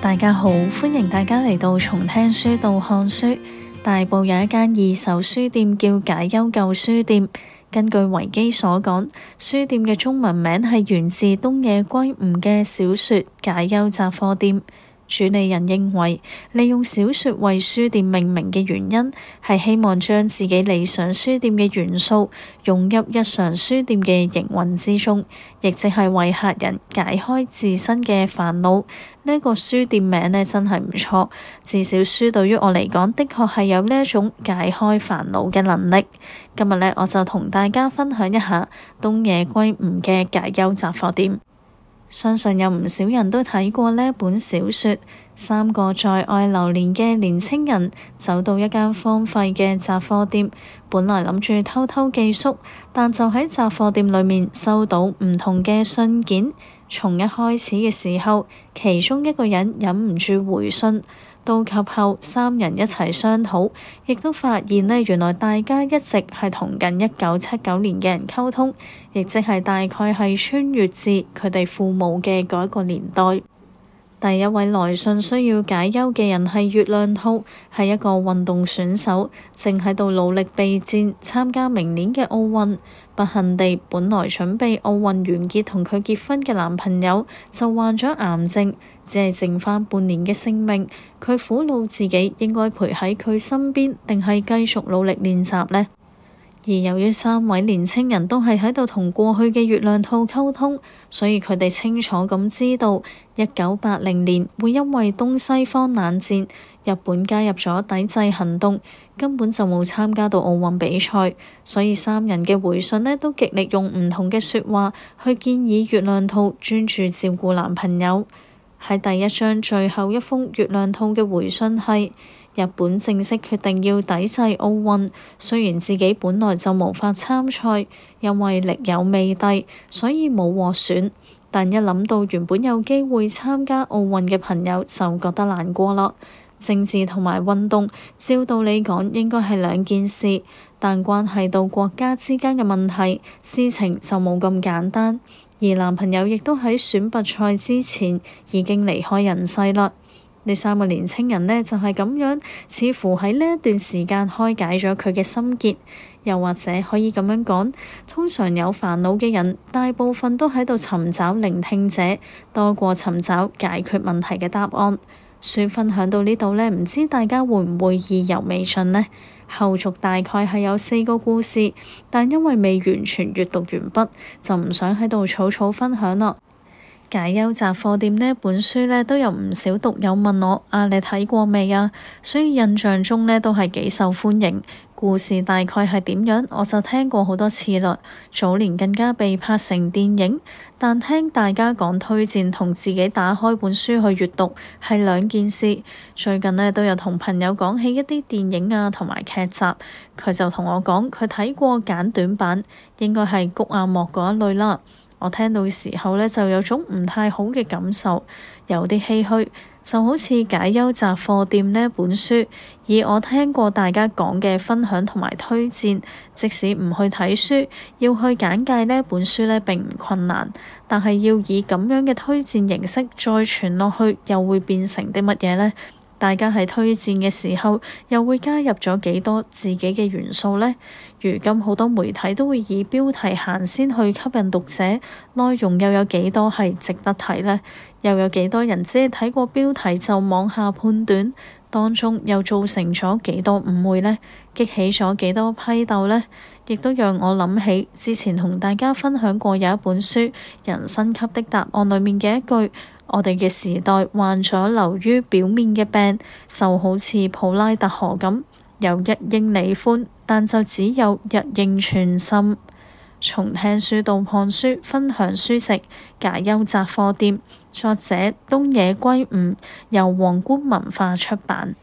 大家好，歡迎大家嚟到從聽書到看書。大埔有一間二手書店叫解憂舊書店。根據維基所講，書店嘅中文名係源自東野圭吾嘅小說《解憂雜貨店》。主理人認為，利用小說為書店命名嘅原因，係希望將自己理想書店嘅元素融入日常書店嘅營運之中，亦即係為客人解開自身嘅煩惱。呢個書店名呢真係唔錯，至少書對於我嚟講，的確係有呢一種解開煩惱嘅能力。今日呢，我就同大家分享一下東野圭吾嘅解憂雜貨店。相信有唔少人都睇過呢本小說，三個在外流連嘅年青人走到一間荒廢嘅雜貨店，本來諗住偷偷寄宿，但就喺雜貨店裏面收到唔同嘅信件。從一開始嘅時候，其中一個人忍唔住回信。到及後，三人一齊商討，亦都發現呢，原來大家一直係同緊一九七九年嘅人溝通，亦即係大概係穿越至佢哋父母嘅嗰一個年代。第一位來信需要解憂嘅人係月亮兔，係一個運動選手，正喺度努力備戰參加明年嘅奧運。不幸地，本來準備奧運完結同佢結婚嘅男朋友就患咗癌症，只係剩翻半年嘅性命。佢苦惱自己應該陪喺佢身邊，定係繼續努力練習呢？而由於三位年青人都係喺度同過去嘅月亮兔溝通，所以佢哋清楚咁知道，一九八零年會因為東西方冷戰，日本加入咗抵制行動，根本就冇參加到奧運比賽。所以三人嘅回信咧，都極力用唔同嘅説話去建議月亮兔專注照顧男朋友。喺第一章最後一封月亮兔嘅回信，係日本正式決定要抵制奧運，雖然自己本來就無法參賽，因為力有未逮，所以冇獲選。但一諗到原本有機會參加奧運嘅朋友，就覺得難過啦。政治同埋運動，照道理講應該係兩件事，但關係到國家之間嘅問題，事情就冇咁簡單。而男朋友亦都喺選拔賽之前已經離開人世啦。呢三個年青人呢，就係咁樣，似乎喺呢一段時間開解咗佢嘅心結，又或者可以咁樣講，通常有煩惱嘅人大部分都喺度尋找聆聽者，多過尋找解決問題嘅答案。書分享到呢度呢，唔知大家會唔會意猶未盡呢？後續大概係有四個故事，但因為未完全閲讀完畢，就唔想喺度草草分享啦。解憂雜貨店呢本書呢，都有唔少讀友問我啊，你睇過未啊？所以印象中呢，都係幾受歡迎。故事大概係點樣，我就聽過好多次啦。早年更加被拍成電影，但聽大家講推薦同自己打開本書去閱讀係兩件事。最近呢，都有同朋友講起一啲電影啊同埋劇集，佢就同我講佢睇過簡短版，應該係谷阿莫嗰一類啦。我聽到時候呢，就有種唔太好嘅感受，有啲唏噓，就好似《解憂雜貨店》呢本書。以我聽過大家講嘅分享同埋推薦，即使唔去睇書，要去簡介呢本書呢並唔困難。但係要以咁樣嘅推薦形式再傳落去，又會變成啲乜嘢呢？大家喺推薦嘅時候，又會加入咗幾多自己嘅元素呢？如今好多媒體都會以標題行先去吸引讀者，內容又有幾多係值得睇呢？又有幾多人只係睇過標題就往下判斷？當中又造成咗幾多誤會呢？激起咗幾多批鬥呢？亦都讓我諗起之前同大家分享過有一本書《人生給的答案》裡面嘅一句：我哋嘅時代患咗流於表面嘅病，就好似普拉特河咁，由日應你寬，但就只有日應全心。從聽書到看書，分享書籍，解憂雜貨店，作者東野圭吾，由皇冠文化出版。